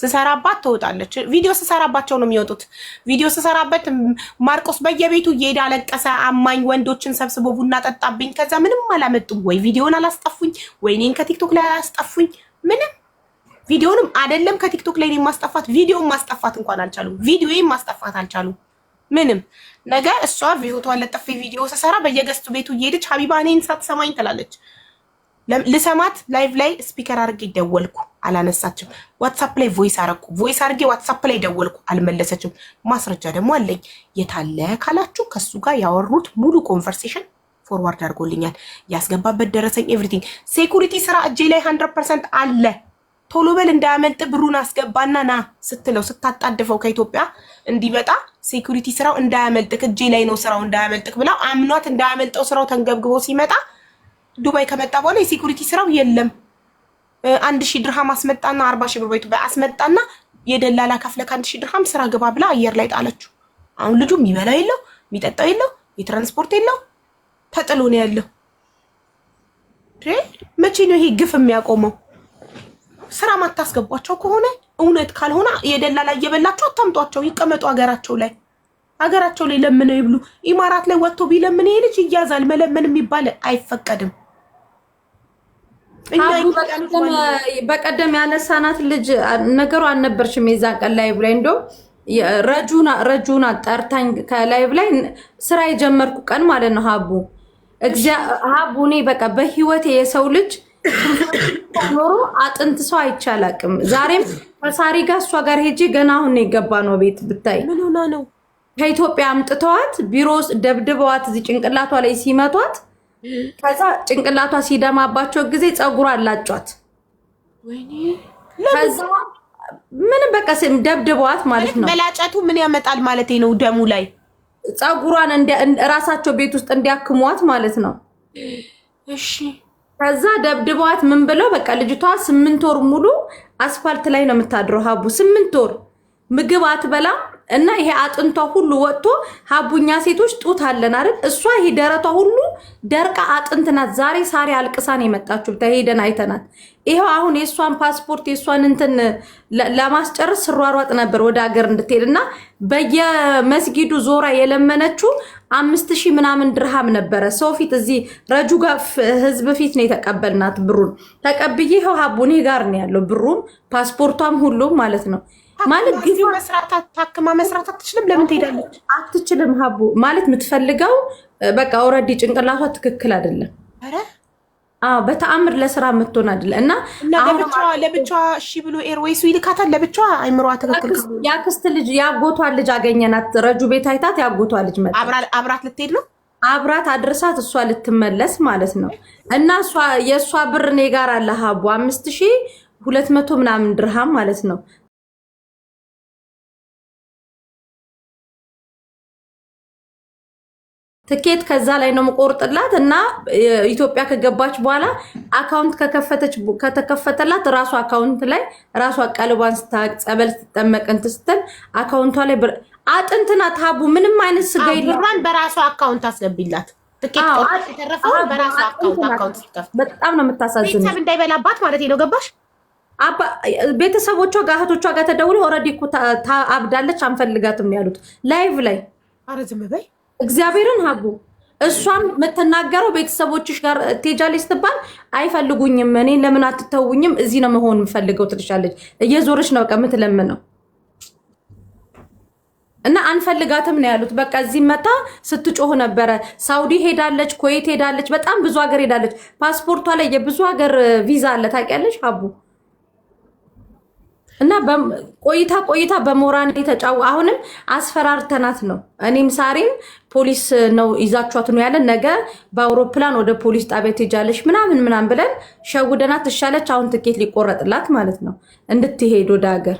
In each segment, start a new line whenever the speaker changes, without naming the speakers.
ስሰራባት ትወጣለች። ቪዲዮ ስሰራባቸው ነው የሚወጡት። ቪዲዮ ስሰራበት ማርቆስ በየቤቱ እየሄደ አለቀሰ። አማኝ ወንዶችን ሰብስቦ ቡና ጠጣብኝ። ከዛ ምንም አላመጡም ወይ ቪዲዮን አላስጠፉኝ ወይ እኔን ከቲክቶክ ላይ አላስጠፉኝ። ምንም ቪዲዮንም አይደለም ከቲክቶክ ላይ ማስጠፋት ቪዲዮን ማስጠፋት እንኳን አልቻሉም። ቪዲዮን ማስጠፋት አልቻሉም። ምንም ነገ እሷ ቪዲዮቷን ለጠፊ ቪዲዮ ስሰራ በየገስቱ ቤቱ እየሄደች ሀቢባ እኔን ሳትሰማኝ ትላለች። ልሰማት ላይቭ ላይ ስፒከር አድርጌ ይደወልኩ አላነሳችም። ዋትሳፕ ላይ ቮይስ አረኩ፣ ቮይስ አድርጌ ዋትሳፕ ላይ ደወልኩ፣ አልመለሰችም። ማስረጃ ደግሞ አለኝ። የታለ ካላችሁ ከሱ ጋር ያወሩት ሙሉ ኮንቨርሴሽን ፎርዋርድ አድርጎልኛል። ያስገባበት ደረሰኝ ኤቭሪቲንግ። ሴኩሪቲ ስራ እጄ ላይ ሀንድረድ ፐርሰንት አለ። ቶሎ በል እንዳያመልጥ ብሩን አስገባና ና ስትለው ስታጣድፈው ከኢትዮጵያ እንዲመጣ ሴኩሪቲ ስራው እንዳያመልጥክ እጄ ላይ ነው ስራው እንዳያመልጥክ ብላ አምኗት እንዳያመልጠው ስራው ተንገብግቦ ሲመጣ ዱባይ ከመጣ በኋላ የሴኩሪቲ ስራው የለም። አንድ ሺህ ድርሃም አስመጣና አርባ ሺህ ብር አስመጣና የደላላ ከፍለ ከአንድ ሺህ ድርሃም ስራ ግባ ብላ አየር ላይ ጣለችው። አሁን ልጁ የሚበላው የለው የሚጠጣው የለው የትራንስፖርት የለው ተጥሎ ነው ያለው። መቼ ነው ይሄ ግፍ የሚያቆመው? ስራ ማታስገቧቸው ከሆነ እውነት ካልሆነ የደላላ እየበላቸው አታምጧቸው፣ ይቀመጡ ሀገራቸው ላይ ሀገራቸው ላይ ለምነው ይብሉ። ኢማራት ላይ ወጥቶ ቢለምን ይሄ ልጅ ይያዛል። መለመን የሚባል አይፈቀድም።
በቀደም ያነሳናት ልጅ ነገሩ አልነበርሽም። የዛን ቀን ላይቭ ላይ እንደውም ረጁና ጠርታኝ ከላይቭ ላይ ስራ የጀመርኩ ቀን ማለት ነው። ሀቡ ሀቡ እኔ በቃ በህይወቴ የሰው ልጅ ኖሮ አጥንት ሰው አይቻላቅም። ዛሬም ከሳሪ ጋር እሷ ጋር ሄጄ ገና አሁን የገባ ነው ቤት ብታይ ከኢትዮጵያ አምጥተዋት ቢሮ ውስጥ ደብድበዋት እዚህ ጭንቅላቷ ላይ ሲመቷት ከዛ ጭንቅላቷ ሲደማባቸው ጊዜ ፀጉሯ አላጯት። ከዛ ምንም በቃ ደብድበዋት ማለት ነው።
መላጨቱ ምን ያመጣል ማለት ነው? ደሙ ላይ
ፀጉሯን እራሳቸው ቤት ውስጥ እንዲያክሟት ማለት ነው። እሺ ከዛ ደብድበዋት ምን ብለው በቃ ልጅቷ ስምንት ወር ሙሉ አስፋልት ላይ ነው የምታድረው። ሀቡ ስምንት ወር ምግብ አትበላም። እና ይሄ አጥንቷ ሁሉ ወጥቶ ሀቡኛ ሴቶች ጡት አለን አይደል? እሷ ይሄ ደረቷ ሁሉ ደርቃ አጥንት ናት። ዛሬ ሳሪ አልቅሳን የመጣችሁ ተሄደን አይተናት። ይሄው አሁን የእሷን ፓስፖርት የእሷን እንትን ለማስጨረስ ስሯሯጥ ነበር ወደ ሀገር እንድትሄድ እና በየመስጊዱ ዞራ የለመነችው አምስት ሺህ ምናምን ድርሃም ነበረ። ሰው ፊት እዚህ ረጁ ጋር ህዝብ ፊት ነው የተቀበልናት ብሩን ተቀብዬ፣ ይኸው ሀቡኔ ጋር ነው ያለው ብሩም ፓስፖርቷም ሁሉም ማለት ነው።
ማለት ጊዜ መስራት ታክማ መስራት አትችልም። ለምን ትሄዳለች?
አትችልም። ሀቡ ማለት የምትፈልገው በቃ ኦልሬዲ ጭንቅላቷ ትክክል አይደለም።
በተአምር ለስራ የምትሆን አይደለም። እና ለብቻዋ ለብቻዋ እሺ ብሎ ኤርዌይሱ ይልካታል። ለብቻዋ አይምሯ
ትክክል። የአክስት ልጅ ያጎቷ ልጅ አገኘናት። ረጁ ቤት አይታት ያጎቷ ልጅ መ
አብራት ልትሄድ ነው
አብራት አድርሳት እሷ ልትመለስ ማለት ነው። እና የእሷ ብር እኔ ጋር አለ ሀቡ አምስት ሺህ ሁለት መቶ ምናምን ድርሃም ማለት ነው ትኬት ከዛ ላይ ነው የምቆርጥላት እና ኢትዮጵያ ከገባች በኋላ አካውንት ከከፈተች ከተከፈተላት ራሷ አካውንት ላይ ራሷ ቀልቧን ስታቅ ጸበል ስትጠመቅ እንትን ስትል አካውንቷ ላይ አጥንትና ታቡ ምንም አይነት ስጋ
ብሯን በራሷ አካውንት አስገቢላት። በጣም ነው የምታሳዝን። ቤተሰብ እንዳይበላባት ማለት ነው። ገባሽ?
ቤተሰቦቿ ጋር እህቶቿ ጋር ተደውሎ ኦልሬዲ እኮ አብዳለች አንፈልጋትም ያሉት ላይቭ ላይ ኧረ ዝም በይ እግዚአብሔርን ሀጉ እሷም የምትናገረው ቤተሰቦችሽ ጋር ትሄጃለች ስትባል አይፈልጉኝም፣ እኔ ለምን አትተውኝም? እዚህ ነው መሆን የምፈልገው ትልሻለች። እየዞረች ነው በቃ የምትለምነው እና አንፈልጋትም ነው ያሉት። በቃ እዚህ መታ ስትጮህ ነበረ። ሳውዲ ሄዳለች፣ ኮይት ሄዳለች፣ በጣም ብዙ ሀገር ሄዳለች። ፓስፖርቷ ላይ የብዙ ሀገር ቪዛ አለ ታውቂያለሽ ሀቡ እና ቆይታ ቆይታ በሞራን የተጫው አሁንም አስፈራርተናት ነው። እኔም ሳሪም ፖሊስ ነው ይዛችኋት ነው ያለን። ነገ በአውሮፕላን ወደ ፖሊስ ጣቢያ ትሄጃለሽ ምናምን ምናምን ብለን ሸውደናት ትሻለች። አሁን ትኬት ሊቆረጥላት ማለት ነው እንድትሄድ ወደ ሀገር።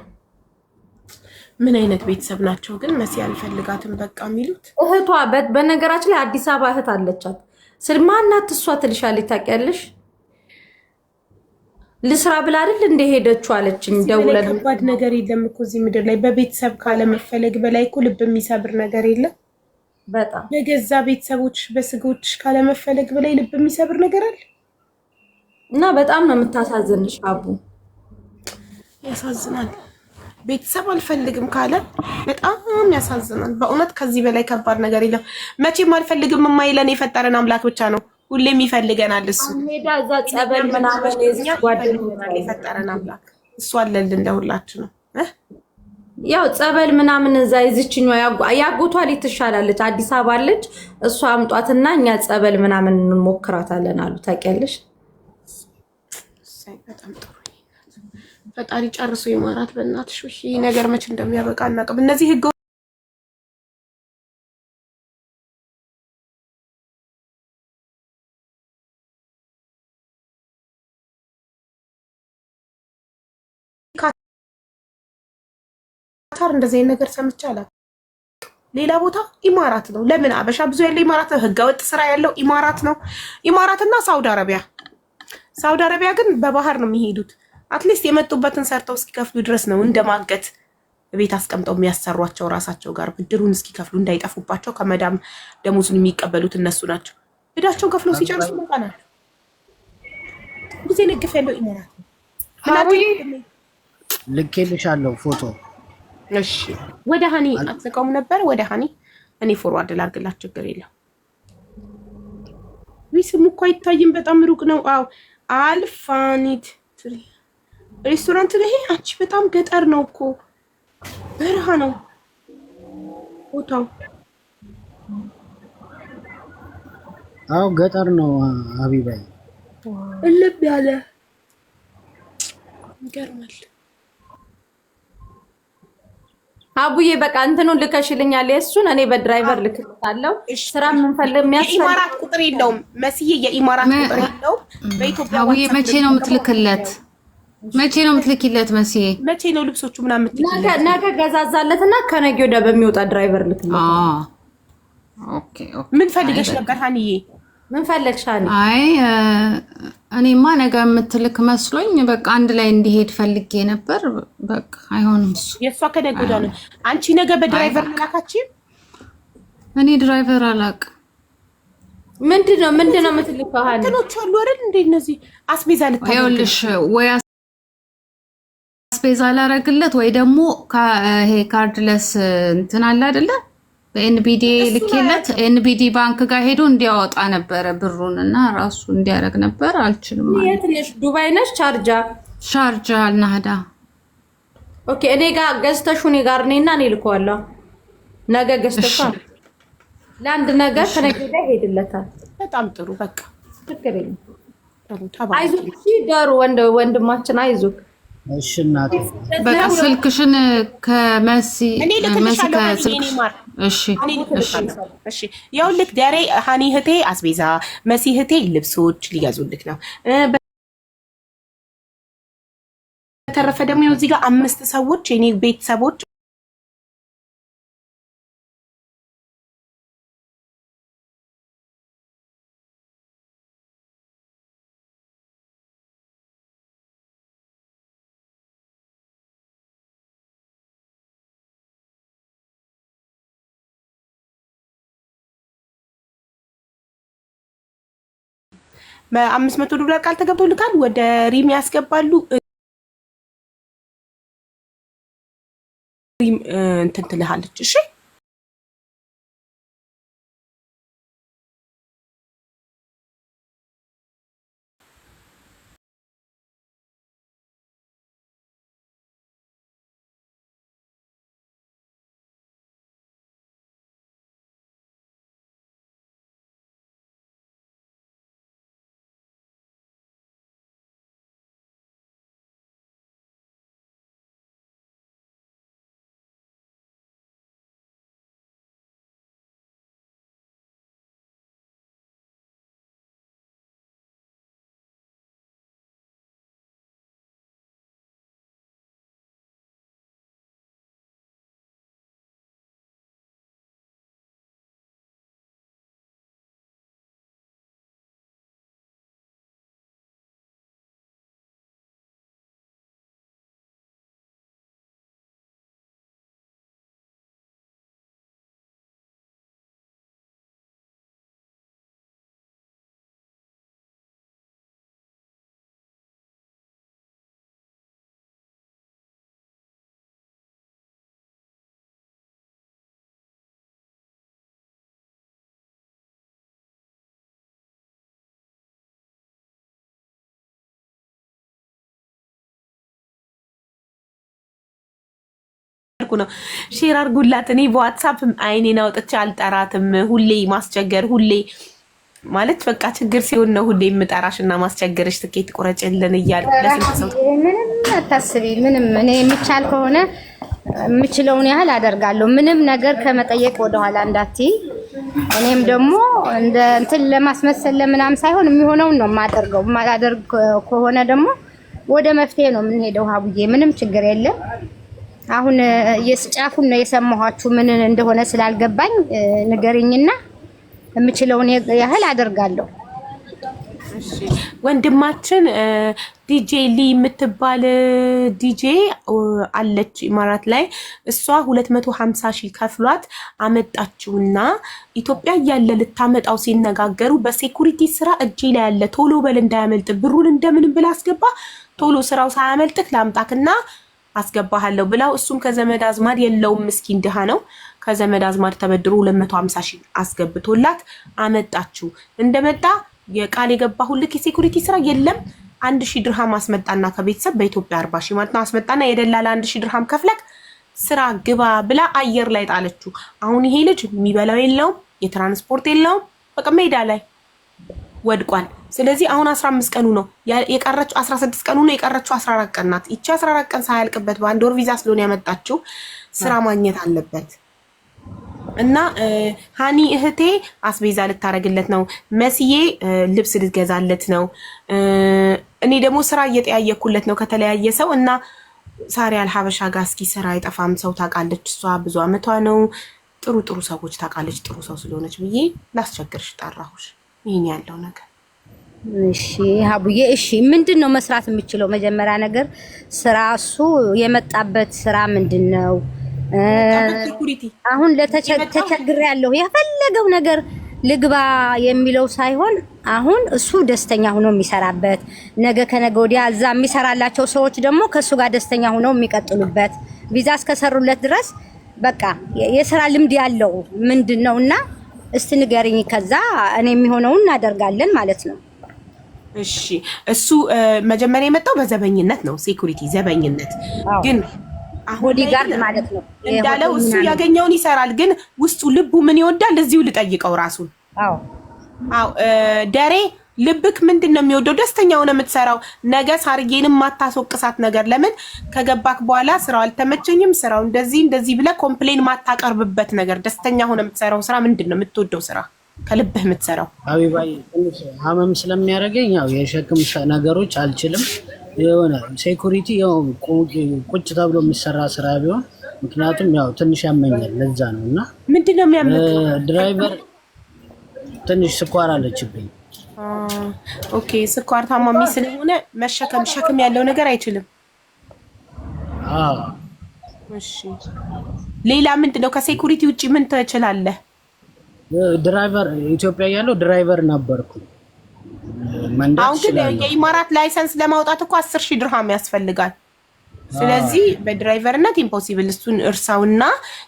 ምን አይነት ቤተሰብ ናቸው ግን መሲ አልፈልጋትም በቃ የሚሉት።
እህቷ በነገራችን ላይ አዲስ አበባ እህት አለቻት። ስል ማናት እሷ ትልሻለች ታውቂያለሽ ልስራ ብላ አይደል እንደሄደችው አለችኝ።
ደውለን ከባድ ነገር የለም እኮ እዚህ ምድር ላይ በቤተሰብ ካለመፈለግ በላይ እኮ ልብ የሚሰብር ነገር የለም። በጣም በገዛ ቤተሰቦች በስጎች ካለመፈለግ በላይ ልብ የሚሰብር ነገር አለ
እና በጣም ነው የምታሳዝንሽ። አቡ
ያሳዝናል። ቤተሰብ አልፈልግም ካለ በጣም ያሳዝናል። በእውነት ከዚህ በላይ ከባድ ነገር የለም። መቼም አልፈልግም የማይለን የፈጠረን አምላክ ብቻ ነው። ሁሌም ይፈልገናል። እሱ
ሜዳ እዛ ጸበል ምናምን
ጓደኛ የፈጠረን አምላክ እሱ አለልን ለሁላችሁ ነው።
ያው ጸበል ምናምን እዛ የዝችኛ ያጎቷ ላይ ትሻላለች፣ አዲስ አበባ አለች። እሱ አምጧትና እኛ ጸበል ምናምን እንሞክራታለን አሉ። ታውቂያለሽ?
ፈጣሪ ጨርሶ ይማራት። በእናትሽ ይህ ነገር መች እንደሚያበቃ እናቅም። እነዚህ ህገ ካታር እንደዚህ አይነት ነገር ሰምቼ አላውቅም። ሌላ ቦታ ኢማራት ነው። ለምን አበሻ ብዙ ያለው ኢማራት ነው። ህገወጥ ስራ ያለው ኢማራት ነው። ኢማራትና ሳውዲ አረቢያ። ሳውዲ አረቢያ ግን በባህር ነው የሚሄዱት። አትሊስት የመጡበትን ሰርተው እስኪከፍሉ ድረስ ነው እንደማገት ቤት አስቀምጠው የሚያሰሯቸው ራሳቸው ጋር ብድሩን እስኪከፍሉ እንዳይጠፉባቸው ከመዳም ደሞዙን የሚቀበሉት እነሱ ናቸው። ሄዳቸው ከፍለው ሲጨርሱ ይመጣናል። ጊዜ ንግፍ ያለው ኢማራት
ነው። ልኬልሻለሁ ፎቶ
እሺ ወደ ሀኒ አትዘጋውም ነበር። ወደ ሀኒ እኔ ፎርዋርድ ላድርግላት፣ ችግር የለም። ስሙ እኮ አይታይም፣ በጣም ሩቅ ነው። አዎ አልፋኒት ሬስቶራንት ይሄ። አንቺ፣ በጣም ገጠር ነው እኮ በረሃ ነው ቦታው።
አዎ ገጠር ነው አቢባይ፣
እልብ ያለ ይገርማል።
አቡዬ በቃ እንትኑን ልከሽልኛል። የእሱን እኔ በድራይቨር ልክልታለሁ። ስራ የምንፈልግ
የኢማራት ቁጥር የለውም መስዬ፣ የኢማራት
ቁጥር የለውም በኢትዮጵያ። አቡዬ መቼ ነው የምትልክለት? መቼ ነው የምትልክለት? መስዬ?
መቼ ነው ልብሶቹ ምናምን የምትልኪለት? ነገ ገዛዛለት እና ከነገ ወዲያ በሚወጣ ድራይቨር
ልክለት።
ምን ፈልገሽ ነበር ሀኒዬ?
ምን ፈለግሽ? አይ እኔማ ነገ የምትልክ መስሎኝ በቃ አንድ ላይ እንዲሄድ ፈልጌ ነበር። በቃ
አይሆንም። እሱ የእሷ ከነገ ወዲያ ነው። አንቺ ነገ በድራይቨር
መላካችን። እኔ ድራይቨር አላቅ
ምንድን ነው ምንድን ነው የምትልከው?
እንትኖች አሉ አይደል እንደ እነዚህ አስቤዛ ልታ
ይኸውልሽ ወይ አስቤዛ ላረግለት ወይ ደግሞ ይሄ ካርድለስ እንትን አለ አይደለ በኤንቢዲ ልኬለት ኤንቢዲ ባንክ ጋር ሄዶ እንዲያወጣ ነበረ ብሩን እና ራሱ እንዲያደርግ ነበር።
አልችልም። የት ነሽ? ዱባይ ነሽ? ቻርጃ
ቻርጃ አልናህዳ።
ኦኬ እኔ ጋ ገዝተሹ እኔ ጋር እኔና እኔ ልከዋለሁ። ነገ ገዝተሹ ለአንድ ነገር ከነገ ወዲያ ይሄድለታል። በጣም ጥሩ። በቃ ችግር የለም። ደሩ ወንድማችን አይዞህ
በቃ ስልክሽን ከመሲ
ይኸውልህ፣ ደሬ ሀኒ እህቴ አስቤዛ፣ መሲ እህቴ ልብሶች ሊገዙልክ ነው። በተረፈ ደግሞ እዚህ ጋር አምስት ሰዎች የኔ ቤተሰቦች አምስት መቶ ዶላር ቃል ተገብቶልካል ወደ ሪም ያስገባሉ። ሪም እንትን ትልሃለች። እሺ እያልኩ ነው። ሼር አርጉላት። እኔ በዋትሳፕ አይኔን አውጥቼ አልጠራትም። ሁሌ ማስቸገር፣ ሁሌ ማለት በቃ ችግር ሲሆን ነው ሁሌ የምጠራሽ እና ማስቸገርሽ። ትኬት ቁረጭልን
እያልኩ ምንም አታስቢ። ምንም እኔ የሚቻል ከሆነ የምችለውን ያህል አደርጋለሁ። ምንም ነገር ከመጠየቅ ወደኋላ እንዳትይ። እኔም ደግሞ እንደ እንትን ለማስመሰል ለምናም ሳይሆን የሚሆነውን ነው የማደርገው። የማላደርግ ከሆነ ደግሞ ወደ መፍትሄ ነው የምንሄደው። ሀቡዬ ምንም ችግር የለም። አሁን የስጫፉን ነው የሰማኋችሁ። ምን እንደሆነ ስላልገባኝ ንገርኝና የምችለውን ያህል አደርጋለሁ።
ወንድማችን ዲጄ ሊ የምትባል ዲጄ አለች ኢማራት ላይ። እሷ 250 ሺህ ከፍሏት አመጣችውና ኢትዮጵያ እያለ ልታመጣው ሲነጋገሩ በሴኩሪቲ ስራ እጄ ላይ ያለ ቶሎ በል እንዳያመልጥ ብሩን እንደምን ብላ አስገባ ቶሎ ስራው ሳያመልጥክ ላምጣክና አስገባሃለሁ ብላው እሱም ከዘመድ አዝማድ የለውም፣ ምስኪን ድሃ ነው። ከዘመድ አዝማድ ተበድሮ 250 ሺህ አስገብቶላት አመጣችሁ። እንደመጣ የቃል የገባሁልክ የሴኩሪቲ ስራ የለም አንድ ሺህ ድርሃም አስመጣና ከቤተሰብ በኢትዮጵያ አርባ ሺህ ማለት ነው አስመጣና የደላለ አንድ ሺህ ድርሃም ከፍለክ ስራ ግባ ብላ አየር ላይ ጣለችው። አሁን ይሄ ልጅ የሚበላው የለውም፣ የትራንስፖርት የለውም፣ በቃ ሜዳ ላይ ወድቋል። ስለዚህ አሁን 15 ቀኑ ነው የቀረችው፣ 16 ቀኑ ነው የቀረችው፣ 14 ቀን ናት። ይቺ 14 ቀን ሳያልቅበት በአንድ ወር ቪዛ ስለሆነ ያመጣችው ስራ ማግኘት አለበት እና ሀኒ እህቴ አስቤዛ ልታረግለት ነው፣ መስዬ ልብስ ልትገዛለት ነው፣ እኔ ደግሞ ስራ እየጠያየኩለት ነው ከተለያየ ሰው እና ሳሪ አልሀበሻ ጋር እስኪ ስራ አይጠፋም ሰው ታውቃለች፣ እሷ ብዙ አመቷ ነው ጥሩ ጥሩ ሰዎች ታውቃለች፣ ጥሩ ሰው ስለሆነች ብዬ ላስቸግርሽ ጠራሁሽ። ይህን ያለው ነገር
እሺ ሀቡዬ፣ እሺ ምንድን ነው መስራት የምችለው? መጀመሪያ ነገር ስራ እሱ የመጣበት ስራ ምንድን ነው? አሁን ለተቸግር ያለው የፈለገው ነገር ልግባ የሚለው ሳይሆን አሁን እሱ ደስተኛ ሆኖ የሚሰራበት ነገ ከነገ ወዲያ እዛ የሚሰራላቸው ሰዎች ደግሞ ከእሱ ጋር ደስተኛ ሆነው የሚቀጥሉበት ቪዛ እስከሰሩለት ድረስ በቃ የስራ ልምድ ያለው ምንድን ነው እና እስቲ ንገሪኝ። ከዛ እኔ የሚሆነውን እናደርጋለን ማለት ነው።
እሺ እሱ መጀመሪያ የመጣው በዘበኝነት ነው። ሴኩሪቲ ዘበኝነት
ግን ቦዲጋርድ ማለት ነው እንዳለው እሱ ያገኘውን ይሰራል። ግን ውስጡ ልቡ ምን ይወዳል? እዚሁ ልጠይቀው ራሱን። አዎ ደሬ ልብክ ምንድን ነው የሚወደው? ደስተኛ ሆነ የምትሰራው ነገ ሳርጌንም ማታስወቅሳት ነገር። ለምን ከገባክ በኋላ ስራው አልተመቸኝም፣ ስራው እንደዚህ እንደዚህ ብለ ኮምፕሌን ማታቀርብበት ነገር። ደስተኛ ሆነ የምትሰራው ስራ ምንድን ነው? የምትወደው ስራ ከልብህ የምትሰራው።
አቢባይ ሀመም ስለሚያደርገኝ ያው የሸክም ነገሮች አልችልም። የሆነ ሴኩሪቲ ቁጭ ተብሎ የሚሰራ ስራ ቢሆን ምክንያቱም ያው ትንሽ ያመኛል፣ ለዛ ነው እና ምንድን ነው የሚያመ ድራይቨር ትንሽ ስኳር አለችብኝ
ኦኬ። ስኳር ታማሚ ስለሆነ መሸከም ሸክም ያለው ነገር አይችልም። እሺ፣ ሌላ ምንድን ነው? ከሴኩሪቲ ውጭ ምን ትችላለህ?
ድራይቨር ኢትዮጵያ ያለው ድራይቨር ነበርኩ።
አሁን ግን የኢማራት ላይሰንስ ለማውጣት እኮ አስር ሺህ ድርሃም ያስፈልጋል። ስለዚህ በድራይቨርነት ኢምፖሲብል፣ እሱን እርሳውና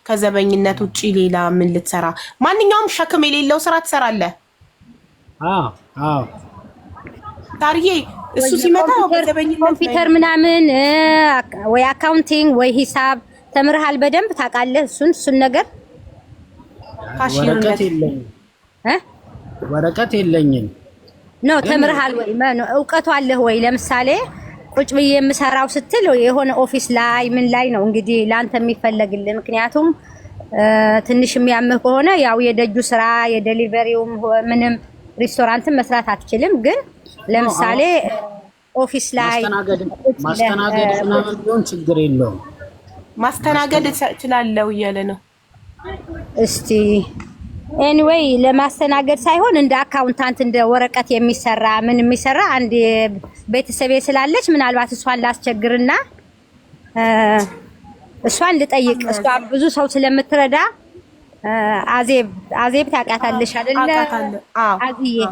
ከዘበኝነት ውጭ ሌላ ምን ልትሰራ? ማንኛውም ሸክም የሌለው ስራ ትሰራለህ። ታርዬ እሱ ሲመጣ
ኮምፒውተር ምናምን ወይ አካውንቲንግ ወይ ሂሳብ ተምርሃል፣ በደንብ ታውቃለህ። እሱን እሱን ነገር
ወረቀት የለኝም
ኖ ተምርሃል ወይ እውቀቱ አለህ ወይ? ለምሳሌ ቁጭ ብዬ የምሰራው ስትል የሆነ ኦፊስ ላይ ምን ላይ ነው እንግዲህ ለአንተ የሚፈለግልህ ምክንያቱም ትንሽ የሚያምህ ከሆነ ያው የደጁ ስራ የዴሊቨሪውም ምንም ሬስቶራንትን መስራት አትችልም፣ ግን ለምሳሌ ኦፊስ ላይ
ማስተናገድ ምናምን ቢሆን ችግር የለውም።
ማስተናገድ እችላለሁ እያለ ነው።
እስቲ ኤኒዌይ ለማስተናገድ ሳይሆን እንደ አካውንታንት እንደ ወረቀት የሚሰራ ምን የሚሰራ አንድ ቤተሰቤ ስላለች ምናልባት እሷን ላስቸግርና እሷን ልጠይቅ እሷ ብዙ ሰው ስለምትረዳ አዜብ አዜብ ታውቂያታለሽ አይደለ? አዝዬ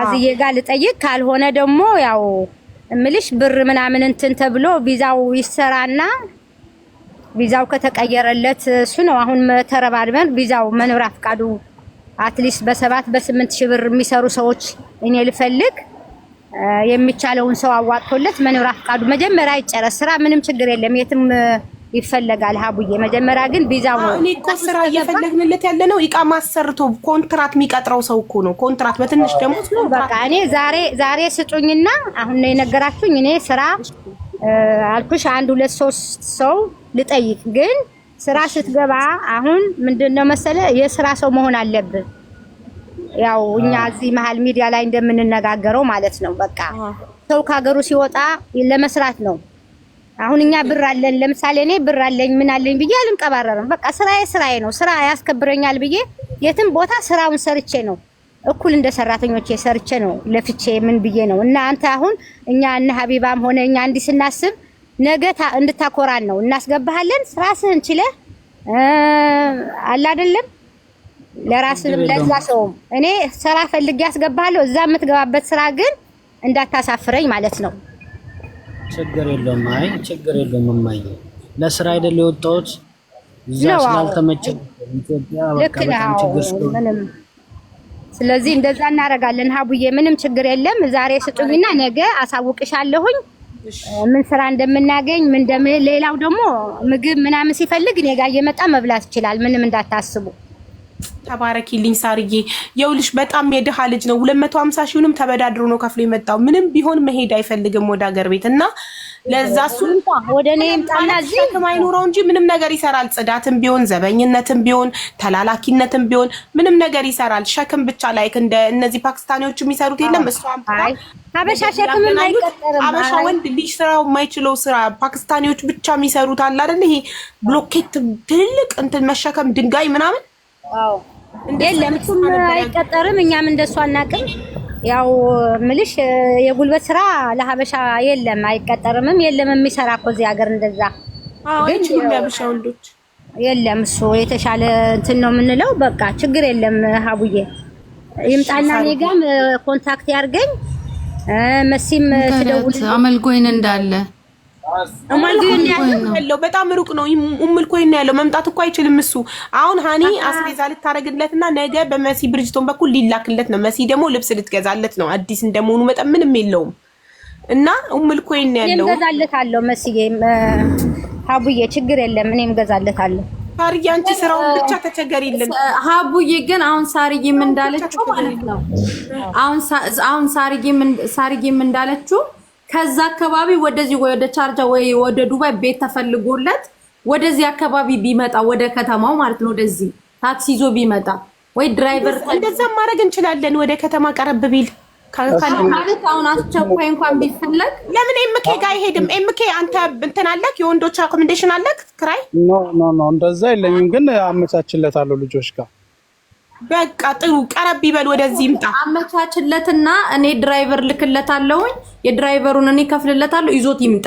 አዝዬ ጋር ልጠይቅ። ካልሆነ ደግሞ ያው እምልሽ ብር ምናምን እንትን ተብሎ ቪዛው ይሰራና ቪዛው ከተቀየረለት እሱ ነው። አሁን ተረባድበን ቪዛው መኖሪያ ፈቃዱ አትሊስት በሰባት በስምንት ሺህ ብር የሚሰሩ ሰዎች እኔ ልፈልግ የሚቻለውን ሰው አዋጥቶለት መኖሪያ ፈቃዱ መጀመሪያ ይጨረስ። ስራ ምንም ችግር የለም የትም ይፈለጋል ሀቡዬ። መጀመሪያ ግን ቪዛው ነው።
እኔ እኮ ስራ እየፈለግንለት ያለ ነው። እቃ ማሰርቶ ኮንትራት የሚቀጥረው ሰው እኮ ነው። ኮንትራት በትንሽ ደግሞ
በቃ እኔ ዛሬ ዛሬ ስጡኝና አሁን ነው የነገራችሁኝ። እኔ ስራ አልኩሽ አንድ ሁለት ሶስት ሰው ልጠይቅ። ግን ስራ ስትገባ አሁን ምንድነው መሰለ የስራ ሰው መሆን አለብን። ያው እኛ እዚህ መሀል ሚዲያ ላይ እንደምንነጋገረው ማለት ነው። በቃ ሰው ከሀገሩ ሲወጣ ለመስራት ነው አሁን እኛ ብር አለን፣ ለምሳሌ እኔ ብር አለኝ ምን አለኝ ብዬ አልንቀባረርም። በቃ ስራዬ ስራዬ ነው። ስራ ያስከብረኛል ብዬ የትም ቦታ ስራውን ሰርቼ ነው እኩል እንደ ሰራተኞቼ ሰርቼ ነው ለፍቼ ምን ብዬ ነው እና አንተ አሁን እኛ እነ ሀቢባም ሆነ እኛ እንዲህ ስናስብ ነገ እንድታኮራን ነው እናስገባሃለን። ራስህን ችለህ አለ አይደለም ለራስህም ለዛ ሰውም እኔ ስራ ፈልጌ ያስገባሃለሁ። እዛ የምትገባበት ስራ ግን እንዳታሳፍረኝ ማለት ነው።
ችግር የለውም። አይ ችግር የለውም። እማዬ ለስራ አይደል የወጣሁት እዛ ስላልተመቸኝ
ስለዚህ እንደዛ እናደርጋለን። ሀቡዬ ምንም ችግር የለም። ዛሬ ስጡኝና ነገ አሳውቅሻለሁኝ ምን ስራ እንደምናገኝ ምን እንደም ሌላው ደግሞ ምግብ ምናምን ሲፈልግ እኔ ጋ እየመጣ መብላት ይችላል። ምንም እንዳታስቡ።
ተባረኪልኝ ሳርዬ። የውልሽ በጣም የድሃ ልጅ ነው። 250 መቶ ሺውንም ተበዳድሮ ነው ከፍሎ የመጣው። ምንም ቢሆን መሄድ አይፈልግም ወደ ሀገር ቤት እና ለዛ እሱ ወደ እኔ ምጣና ሸክም አይኖረው እንጂ ምንም ነገር ይሰራል። ጽዳትም ቢሆን ዘበኝነትም ቢሆን ተላላኪነትም ቢሆን ምንም ነገር ይሰራል። ሸክም ብቻ ላይክ እንደ እነዚህ ፓኪስታኒዎች የሚሰሩት የለም። እሷም አበሻ ሸክም አይቀጠርም። አበሻ ወንድ ሊሰራው የማይችለው ስራ ፓኪስታኒዎች ብቻ የሚሰሩት አለ አይደል? ይሄ ብሎኬት ትልቅ እንትን መሸከም ድንጋይ ምናምን
ለምቹም አይቀጠርም። እኛም እንደሱ አናውቅም። ያው ምልሽ የጉልበት ስራ ለሀበሻ የለም፣ አይቀጠርምም። የለም የሚሰራ እኮ እዚህ ሀገር እንደዛ
ግን ለሀበሻ ወንዶች
የለም። እሱ የተሻለ እንትን ነው የምንለው። በቃ ችግር የለም። ሀቡዬ ይምጣና እኔ ጋርም ኮንታክት ያርገኝ። መሲም
ትደውል አመልጎይን እንዳለ
እማልኩኝ ያለው በጣም ሩቅ ነው። እምልኩኝ ነው ያለው መምጣት እኮ አይችልም እሱ። አሁን ሀኒ አስቤዛ ልታረግለትና ነገ በመሲ ብርጅቶን በኩል ሊላክለት ነው። መሲ ደግሞ ልብስ ልትገዛለት ነው። አዲስ እንደመሆኑ መጠን ምንም የለውም እና እምልኩኝ ነው ያለው።
ገዛለታለሁ መስዬ ሀቡዬ፣ ችግር የለም እኔም ገዛለታለሁ።
ሳርዬ አንቺ ስራውን ብቻ ተቸገሪልን።
ሀቡዬ ግን አሁን ሳርዬ እንዳለችው ማለት ነው አሁን ሳርዬ እንዳለችው ከዛ አካባቢ ወደዚህ ወደ ቻርጃ ወይ ወደ ዱባይ ቤት ተፈልጎለት ወደዚህ አካባቢ ቢመጣ ወደ ከተማው ማለት ነው። ወደዚህ ታክሲ ይዞ ቢመጣ ወይ ድራይቨር
እንደዛ ማድረግ እንችላለን። ወደ ከተማ ቀረብ ቢል ማለት አሁን አስቸኳይ እንኳን ቢፈለግ ለምን ኤምኬ ጋር አይሄድም? ኤምኬ አንተ እንትን አለክ፣ የወንዶች አኮመንዴሽን አለክ
ክራይ? ኖ ኖ ኖ እንደዛ የለኝም፣ ግን አመቻችለታለሁ ልጆች ጋር
በቃ ጥሩ ቀረብ ይበል ወደዚህ ይምጣ።
አመቻችለትና እኔ ድራይቨር ልክለታለሁኝ። የድራይቨሩን እኔ ከፍልለታለሁ። ይዞት ይምጣ።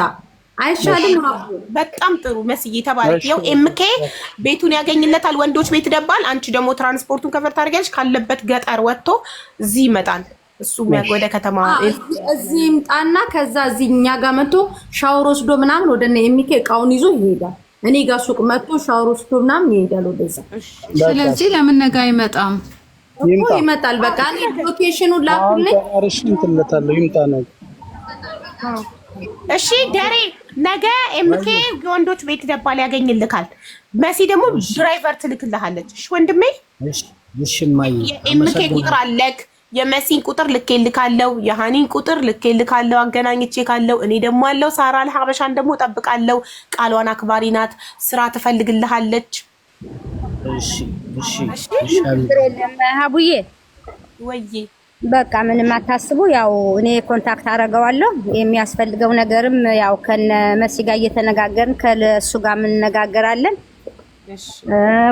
አይሻልም? በጣም ጥሩ መስዬ ተባለ። ያው ኤምኬ ቤቱን ያገኝለታል። ወንዶች ቤት ደባል። አንቺ ደግሞ ትራንስፖርቱን ከፈር ታደርጊያለሽ። ካለበት ገጠር ወጥቶ እዚህ ይመጣል።
እሱ ወደ ከተማ እዚህ ይምጣና ከዛ እዚህ እኛ ጋር መጥቶ ሻወር ወስዶ ምናምን ወደ ኤምኬ እቃውን ይዞ ይሄዳል። እኔ ጋር ሱቅ መጥቶ ሻወር ውስጥ ምናምን ይሄዳል ወደዛ።
ስለዚህ ለምን ነገ አይመጣም?
ይመጣል። በቃ እኔ ሎኬሽኑን ላኩልኝ። እሺ ደሬ፣ ነገ ኤምኬ ወንዶች ቤት ደባል ያገኝልካል። መሲ ደግሞ ድራይቨር ትልክልሃለች። እሺ ወንድሜ፣ እሺ። ማይ ኤምኬ ቁጥር አለክ የመሲን ቁጥር ልኬልካለው፣ የሃኒን ቁጥር ልኬልካለው፣ አገናኝቼ ካለው እኔ ደግሞ አለው ሳራ አልሀበሻን ደግሞ ጠብቃለው። ቃሏን አክባሪ ናት። ስራ ትፈልግልሃለች።
ሀቡዬ ወይዬ በቃ ምንም አታስቡ። ያው እኔ ኮንታክት አደርገዋለሁ የሚያስፈልገው ነገርም ያው ከነ መሲ ጋር እየተነጋገርን ከእሱ ጋር እንነጋገራለን።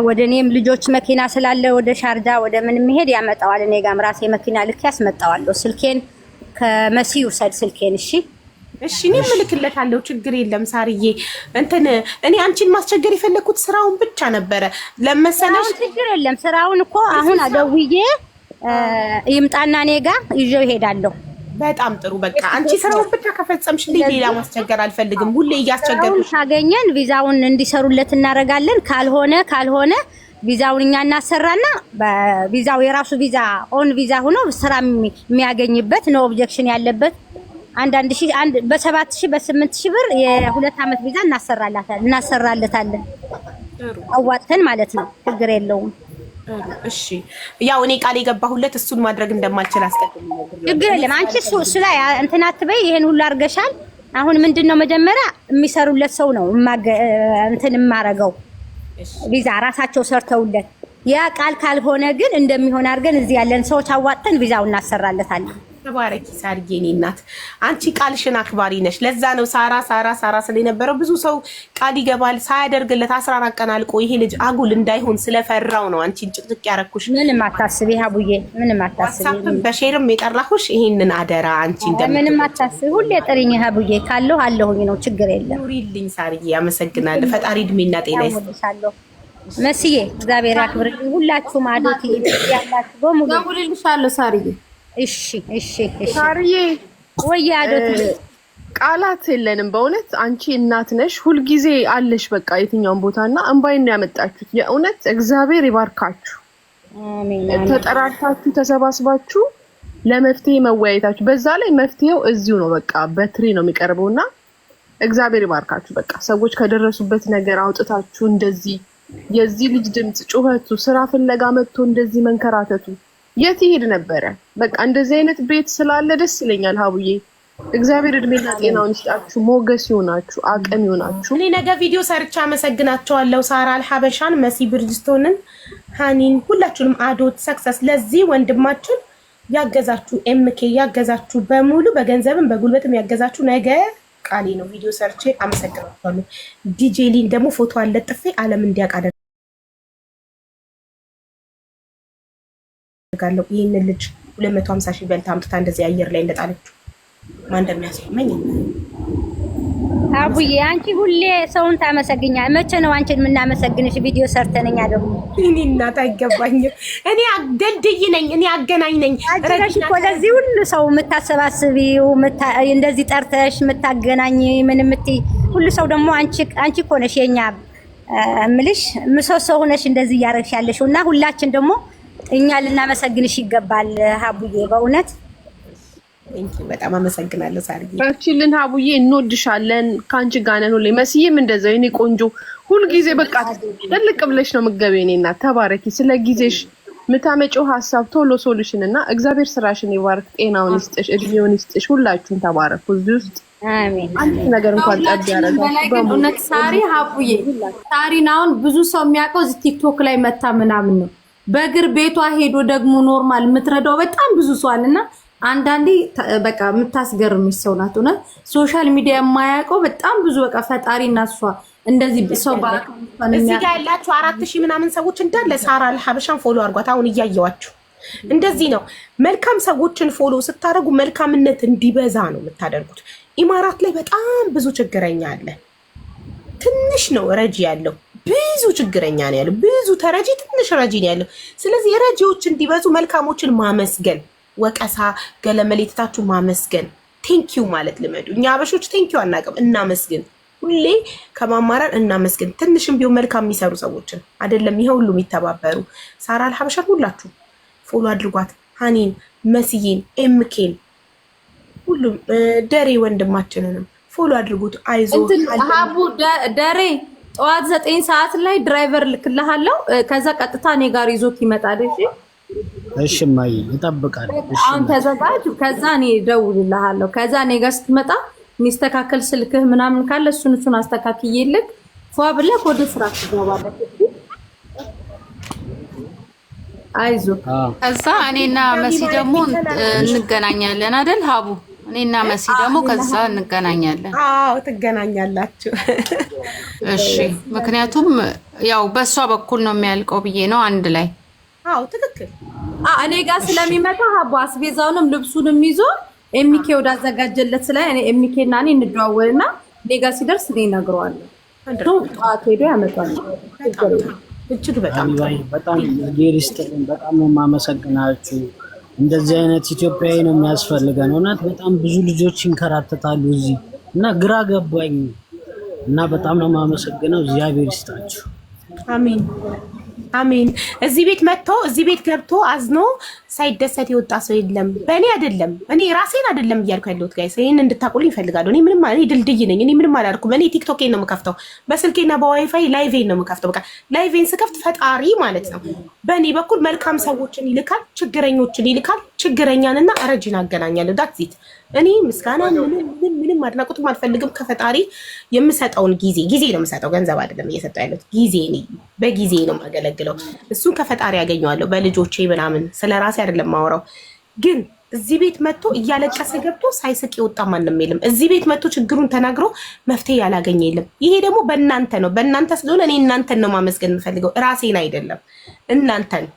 ወደ እኔም ልጆች መኪና ስላለ ወደ ሻርጃ ወደ ምን መሄድ ያመጣዋል። እኔ ጋም ራሴ መኪና ልክ ያስመጣዋለሁ። ስልኬን ከመሲ ውሰድ ስልኬን። እሺ
እሺ፣ እኔ እልክለታለሁ። ችግር የለም ሳርዬ። እንትን እኔ አንቺን ማስቸገር የፈለኩት ስራውን ብቻ ነበረ ለመሰለሽ።
ችግር የለም ስራውን እኮ አሁን አደውዬ ይምጣና እኔ ጋ ይዤው ይሄዳለሁ።
በጣም ጥሩ። በቃ አንቺ ስራውን ብቻ እንዴ ሌላ ማስቸገር አልፈልግም። ሁሌ እያስቸገሩ
ካገኘን ቪዛውን እንዲሰሩለት እናደርጋለን። ካልሆነ ካልሆነ ቪዛውን እኛ እናሰራና በቪዛው የራሱ ቪዛ ኦን ቪዛ ሆኖ ስራ የሚያገኝበት ነው። ኦብጀክሽን ያለበት አንዳንድ ሺህ አንድ በሰባት ሺህ በስምንት ሺህ ብር የሁለት ዓመት ቪዛ እናሰራላታለን እናሰራለታለን
አዋጥተን ማለት ነው። ችግር የለውም። እሺ ያው እኔ ቃል የገባሁለት እሱን ማድረግ እንደማልችል አስቀድም
ችግር የለም። አንቺ እሱ ላይ እንትን አትበይ። ይሄን ሁሉ አድርገሻል። አሁን ምንድን ነው መጀመሪያ የሚሰሩለት ሰው ነው እንትን የማረገው ቪዛ ራሳቸው ሰርተውለት ያ ቃል ካልሆነ ግን እንደሚሆን አድርገን እዚህ ያለን ሰዎች አዋጥተን ቪዛው እናሰራለታለን።
ተባረኪ ሳርዬ፣ እኔ እናት አንቺ ቃልሽን አክባሪ ነሽ። ለዛ ነው ሳራ ሳራ ሳራ ስለነበረው ብዙ ሰው ቃል ይገባል ሳያደርግለት አስራ አራት ቀን አልቆ ይሄ ልጅ አጉል እንዳይሆን ስለፈራው ነው አንቺን ጭቅጭቅ ያረኩሽ።
ምንም አታስቢ ሀቡዬ፣
ምንም አታስቢ። በሼርም የጠራሁሽ ይሄንን አደራ አንቺ እንደ
ምንም አታስቢ። ሁሌ ጥሪኝ ሀቡዬ፣ ካለሁ አለሁኝ ነው ችግር የለም።
ኑሪልኝ ሳርዬ፣ ያመሰግናል። ፈጣሪ እድሜና ጤና
ይስጥልኝ። መስዬ እግዚአብሔር ያክብርልኝ። ሁላችሁም አዶት
ያላችሁ በሙሉ ደውልልሻለሁ ሳርዬ
እሺ፣ እሺ፣ እሺ።
ሳርዬ ወይ ቃላት የለንም በእውነት አንቺ እናት ነሽ፣ ሁልጊዜ አለሽ። በቃ የትኛውን ቦታ እና እንባይን ነው ያመጣችሁት። የእውነት እግዚአብሔር ይባርካችሁ። ተጠራርታችሁ ተሰባስባችሁ ለመፍትሄ መወያየታችሁ፣ በዛ ላይ መፍትሄው እዚሁ ነው። በቃ በትሪ ነው የሚቀርበው እና እግዚአብሔር ይባርካችሁ። በቃ ሰዎች ከደረሱበት ነገር አውጥታችሁ እንደዚህ የዚህ ልጅ ድምፅ ጩኸቱ ስራ ፍለጋ መጥቶ እንደዚህ መንከራተቱ የት ይሄድ ነበረ? በቃ እንደዚህ አይነት ቤት ስላለ ደስ ይለኛል። ሀቡዬ እግዚአብሔር እድሜና ጤናውን ይስጣችሁ፣ ሞገስ ይሆናችሁ፣ አቅም ይሆናችሁ። እኔ
ነገ ቪዲዮ ሰርቻ አመሰግናቸዋለሁ። ሳራ አልሀበሻን፣ መሲ ብርጅስቶንን፣ ሀኒን፣ ሁላችሁንም አዶት ሰክሰስ ለዚህ ወንድማችን ያገዛችሁ ኤምኬ ያገዛችሁ በሙሉ በገንዘብም በጉልበትም ያገዛችሁ ነገ ቃሌ ነው ቪዲዮ ሰርቼ አመሰግናቸዋለሁ። ዲጄሊን ደግሞ ፎቶ አለጥፌ አለም እንዲያቃደ
እፈልጋለሁ። ይህን ልጅ ሁለት ሀምሳ ሺህ በልታ አምጥታ እንደዚህ አየር ላይ እንደጣለችው
ማን እንደሚያስቆመኝ አቡዬ አንቺ ሁሌ ሰውን ታመሰግኛ መቼ ነው አንቺን የምናመሰግንሽ? ቪዲዮ ሰርተነኛ ደግሞ
እኔ እናት አይገባኝም። እኔ ደልድይ ነኝ። እኔ አገናኝ ነኝ።
ረሽ እኮ ለዚህ ሁሉ ሰው የምታሰባስቢው እንደዚህ ጠርተሽ የምታገናኝ ምን የምትይ ሁሉ ሰው ደግሞ አንቺ እኮ ነሽ የኛ ምልሽ ምሰሶ ሆነሽ እንደዚህ እያደረግሽ ያለሽው እና ሁላችን ደግሞ እኛ ልናመሰግንሽ ይገባል ሀቡዬ፣
በእውነት በጣም አመሰግናለሁ ሳርዬ። ባችልን ሀቡዬ፣ እንወድሻለን። ከአንቺ ጋር ነን ሁሌ። መስዬም እንደዛው የኔ ቆንጆ፣ ሁልጊዜ በቃ ጥልቅ ብለሽ ነው ምገቤ። እኔ እናት ተባረኪ። ስለ ጊዜሽ ምታመጪው ሀሳብ ቶሎ ሶሉሽን እና እግዚአብሔር ስራሽን ይባርክ፣ ጤናውን ይስጥሽ፣ እድሜውን ይስጥሽ። ሁላችሁን ተባረኩ እዚህ ውስጥ አንድ ነገር እንኳን
ጠብ ያረጋግእነት ሳሪ ሀቡዬ፣ ሳሪን አሁን ብዙ ሰው የሚያውቀው እዚህ ቲክቶክ ላይ መታ ምናምን ነው በእግር ቤቷ ሄዶ ደግሞ ኖርማል የምትረዳው በጣም ብዙ ሰዋል አለና አንዳንዴ በቃ የምታስገርምሽ ሰው ናት። እውነት ሶሻል ሚዲያ የማያውቀው በጣም ብዙ በቃ ፈጣሪ እና እሷ እንደዚህ ሰው
እዚህ ጋር ያላችሁ አራት ሺህ ምናምን ሰዎች እንዳለ ሳራ አልሀበሻን ፎሎ አድርጓት። አሁን እያየዋችሁ እንደዚህ ነው። መልካም ሰዎችን ፎሎ ስታደርጉ መልካምነት እንዲበዛ ነው የምታደርጉት። ኢማራት ላይ በጣም ብዙ ችግረኛ አለ። ትንሽ ነው ረጅ ያለው ብዙ ችግረኛ ነው ያለው፣ ብዙ ተረጂ፣ ትንሽ ረጂ ነው ያለው። ስለዚህ የረጂዎች እንዲበዙ መልካሞችን ማመስገን፣ ወቀሳ ገለመሌትታችሁ ማመስገን፣ ቴንኪው ማለት ልመዱ። እኛ አበሾች ቴንኪው አናውቅም፣ እናመስግን ሁሌ ከማማራር እናመስግን። ትንሽም ቢሆን መልካም የሚሰሩ ሰዎችን አይደለም ይሄ ሁሉ የሚተባበሩ ሳራ አልሀበሻን ሁላችሁ ፎሎ አድርጓት። ሀኒን፣ መስዬን፣ ኤምኬን ሁሉም ደሬ ወንድማችንንም ፎሎ አድርጉት። አይዞ
ደሬ ጠዋት ዘጠኝ ሰዓት ላይ ድራይቨር ልክልሃለው። ከዛ ቀጥታ እኔ ጋር ይዞት ይመጣል። እሺ
እሺ፣ ማይ ይጠብቃል።
አሁን ተዘጋጅ። ከዛ እኔ እደውልልሃለሁ። ከዛ እኔ ጋር ስትመጣ የሚስተካከል ስልክህ ምናምን ካለ እሱን እሱን አስተካክዬልህ ፏ ብለህ ወደ ስራ ትገባለህ። አይዞ።
ከዛ እኔና መሲ ደግሞ እንገናኛለን አይደል ሀቡ እኔና መሲ ደግሞ ከዛ እንገናኛለን።
አዎ ትገናኛላችሁ።
እሺ፣ ምክንያቱም ያው በእሷ በኩል ነው የሚያልቀው ብዬ ነው አንድ ላይ።
አዎ ትክክል። እኔ ጋር ስለሚመጣ ሀቦ አስቤዛውንም ልብሱንም ይዞ ኤሚኬ ወዳዘጋጀለት ስለ ኤሚኬ እና እኔ እንደዋወልና እኔ ጋር ሲደርስ እኔ እነግረዋለሁ።
ጠዋት ሄዶ ያመጣል። እጅግ በጣም በጣም ጌሪስጥልን በጣም ነው የማመሰግናችሁ። እንደዚህ አይነት ኢትዮጵያዊ ነው የሚያስፈልገን። እውነት በጣም ብዙ ልጆች ይንከራተታሉ እዚህ እና ግራ ገባኝ እና በጣም ነው የማመሰግነው። እግዚአብሔር ይስጣችሁ።
አሜን። አሜን። እዚህ ቤት መጥቶ እዚህ ቤት ገብቶ አዝኖ ሳይደሰት የወጣ ሰው የለም። በእኔ አይደለም እኔ ራሴን አይደለም እያልኩ ያለሁት ጋይስ፣ ይህን እንድታቁልኝ ይፈልጋሉ። እኔ ምንም እኔ ድልድይ ነኝ። እኔ ምንም አላልኩም። እኔ ቲክቶኬን ነው የምከፍተው፣ በስልኬና በዋይፋይ ላይቬን ነው የምከፍተው። በቃ ላይቬን ስከፍት ፈጣሪ ማለት ነው በእኔ በኩል መልካም ሰዎችን ይልካል፣ ችግረኞችን ይልካል ችግረኛንና አረጅን አገናኛለሁ። ዳትዚት እኔ ምስጋና ምንም ምንም አድናቆትም አልፈልግም። ከፈጣሪ የምሰጠውን ጊዜ ጊዜ ነው የምሰጠው፣ ገንዘብ አይደለም እየሰጠው ያለት ጊዜ በጊዜ ነው የማገለግለው። እሱን ከፈጣሪ ያገኘዋለሁ በልጆቼ ምናምን። ስለ ራሴ አይደለም ማውራው ግን እዚህ ቤት መጥቶ እያለቀሰ ገብቶ ሳይስቅ የወጣ ማንም የለም። እዚህ ቤት መጥቶ ችግሩን ተናግሮ መፍትሄ ያላገኘ የለም። ይሄ ደግሞ በእናንተ ነው። በእናንተ ስለሆነ እኔ እናንተን ነው ማመስገን የምፈልገው ራሴን አይደለም፣ እናንተን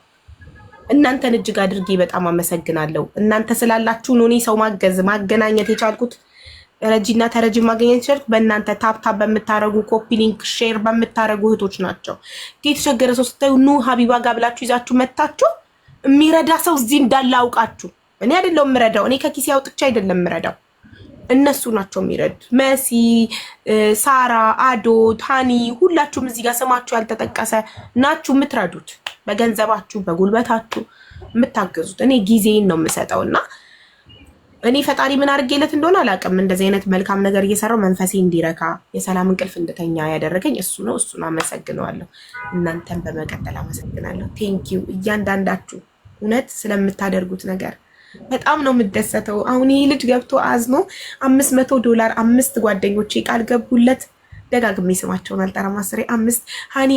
እናንተን እጅግ አድርጌ በጣም አመሰግናለሁ። እናንተ ስላላችሁ ነው እኔ ሰው ማገዝ ማገናኘት የቻልኩት። ረጂና ተረጂ ማገኘት ቻልኩ በእናንተ ታፕታፕ በምታረጉ ኮፒ ሊንክ ሼር በምታረጉ እህቶች ናቸው። የተቸገረ ሰው ስታዩ ኑ ሀቢባ ጋር ብላችሁ ይዛችሁ መታችሁ። የሚረዳ ሰው እዚህ እንዳለ አውቃችሁ እኔ አይደለም የምረዳው። እኔ ከኪሴ አውጥቼ አይደለም የምረዳው፣ እነሱ ናቸው የሚረዱት። መሲ፣ ሳራ፣ አዶ፣ ታኒ ሁላችሁም እዚህ ጋር ስማችሁ ያልተጠቀሰ ናችሁ የምትረዱት። በገንዘባችሁ፣ በጉልበታችሁ የምታገዙት። እኔ ጊዜን ነው የምሰጠው እና እኔ ፈጣሪ ምን አድርጌለት እንደሆነ አላውቅም። እንደዚህ አይነት መልካም ነገር እየሰራው መንፈሴ እንዲረካ የሰላም እንቅልፍ እንድተኛ ያደረገኝ እሱ ነው። እሱን አመሰግነዋለሁ። እናንተን በመቀጠል አመሰግናለሁ። ቴንኪው እያንዳንዳችሁ እውነት ስለምታደርጉት ነገር በጣም ነው የምደሰተው። አሁን ይህ ልጅ ገብቶ አዝኖ አምስት መቶ ዶላር አምስት ጓደኞቼ ቃል ገቡለት። ደጋግሜ ስማቸውን አልጠራም። አስሬ አምስት ሀኒ